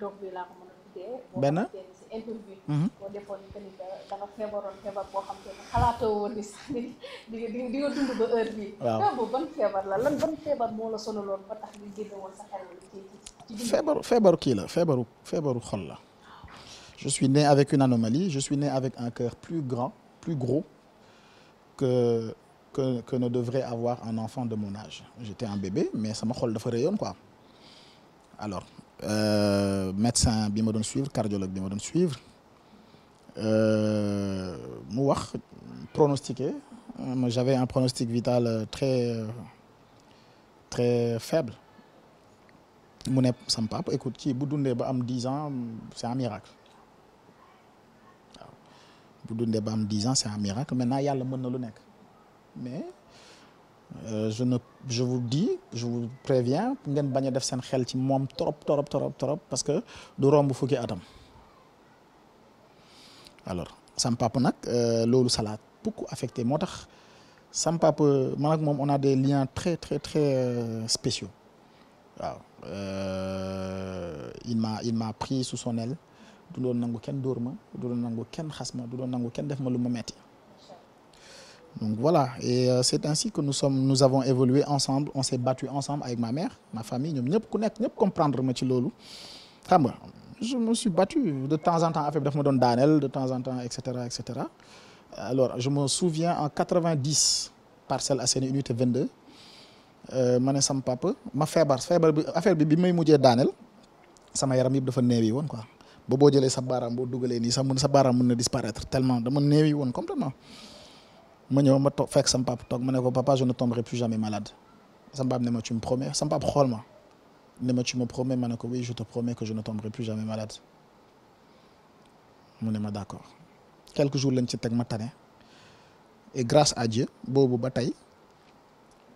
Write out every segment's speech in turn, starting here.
interview laa ko mën a tuddee. benn si interview. Mhm. boo defoon que ni da nga feebaroon feebar boo xam te ne xalaatoo woon ni sax di di nga dund ba heure bii. waaw feebar ban feebar la lan ban feebar moo la sonaloon ba tax ñu génne woon sa xel ci ci. feebaru feebaru kii la feebaru feebaru xol la. Ah. je suis né avec une anomalie je suis né avec un cœur plus grand plus gros que que que ne devrait avoir un enfant de mon âge j'étais un bébé mais sama xol dafa réyoon quoi alors Euh, médecin bi ma doon suivre cardiologue bi ma doon suivre euh, mu wax pronostiqué euh, j'avais un pronostic vital très très faible mu ne sama papa écoute kii bu dundee ba am dix ans c'est un miracle waaw bu dundee ba am dix ans c'est un miracle maintenant yàlla mën na lu nekk mais Euh, je ne je vous dis je vous préviens ngeen bañ a def seen xel ci moom trop trop trop trop parce que du romb fukki atam alors sam papa nag euh, loolu salaat beaucoup affecté moo tax sam papa man ak moom on a des liens très très très euh, spéciaux waaw il m'a il m'a pris sous son aile du doon nangu kenn door ma du doon nangu kenn xas ma du doon nangu kenn def ma lu ma metti Donc voilà, et euh, c'est ainsi que nous sommes nous avons évolué ensemble, on s'est battu ensemble avec ma mère, ma famille, ñoom ñëpp ku nekk ñëpp comprendre ma ci loolu xam nga je me suis battu de temps en temps affaire bi daf ma doon daaneel de temps en temps et cetera et cetera alors je me souviens en 90 Parcelles Assainies unité 22 euh, ma ne sama papa ma feebar feebar bi affaire bi bi may mujjee daaneel sama yaram yëpp dafa néewi woon quoi ba boo jëlee sa baaraam boo dugalee nii sa mun sa baaraam mun na disparaître tellement dama néewi woon complètement ma ñëw ma toog fekk sama papa toog ma ne ko papa je ne tomberai plus jamais malade sama papa ne ma tu m promets sama papa xool ma ne ma tu me promets ma ko oui je te promets que je ne tomberai plus jamais malade mu ne ma d'accord quelques jours lañ ci teg ma tane et grâce à Dieu boobu ba tey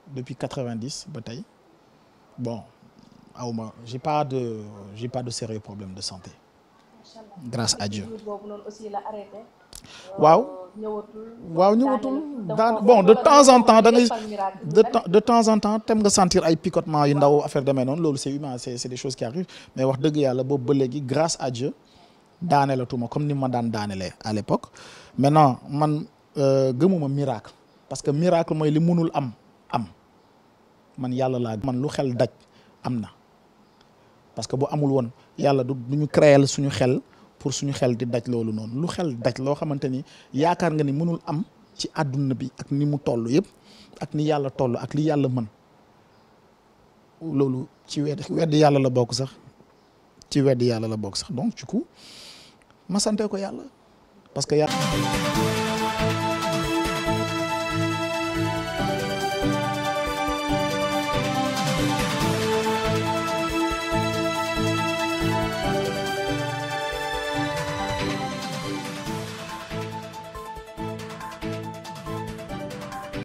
depuis quatre-vingt-dix ba tey bon awma j'ai pas de j'ai de sérieux problème de santé grâce à Dieu waaw ñëwatul daan bon de temps en temps da ngay de de temps en temps tem nga sentir ay picotement yu ndaw affaire demee noonu loolu c'est humain c'est c'est des qui arrivent mais wax dëgg yàlla boobu ba léegi grâce à Dieu daaneelatuma comme ni ma daan daanelee à l'époque maintenant man euh, gëmuma miracle parce que miracle mooy li mënul am am man yàlla laa man lu xel daj am na parce que boo amul woon yàlla du ñu créer suñu xel pour suñu xel di daj loolu noonu lu xel daj loo xamante ni yaakaar nga ni mënul am ci àdduna bi ak ni mu toll yëpp ak ni yàlla toll ak li yàlla mën loolu ci wedd weddi yàlla la bokk sax ci weddi yàlla la bokk sax donc du coup ma yàlla parce yàlla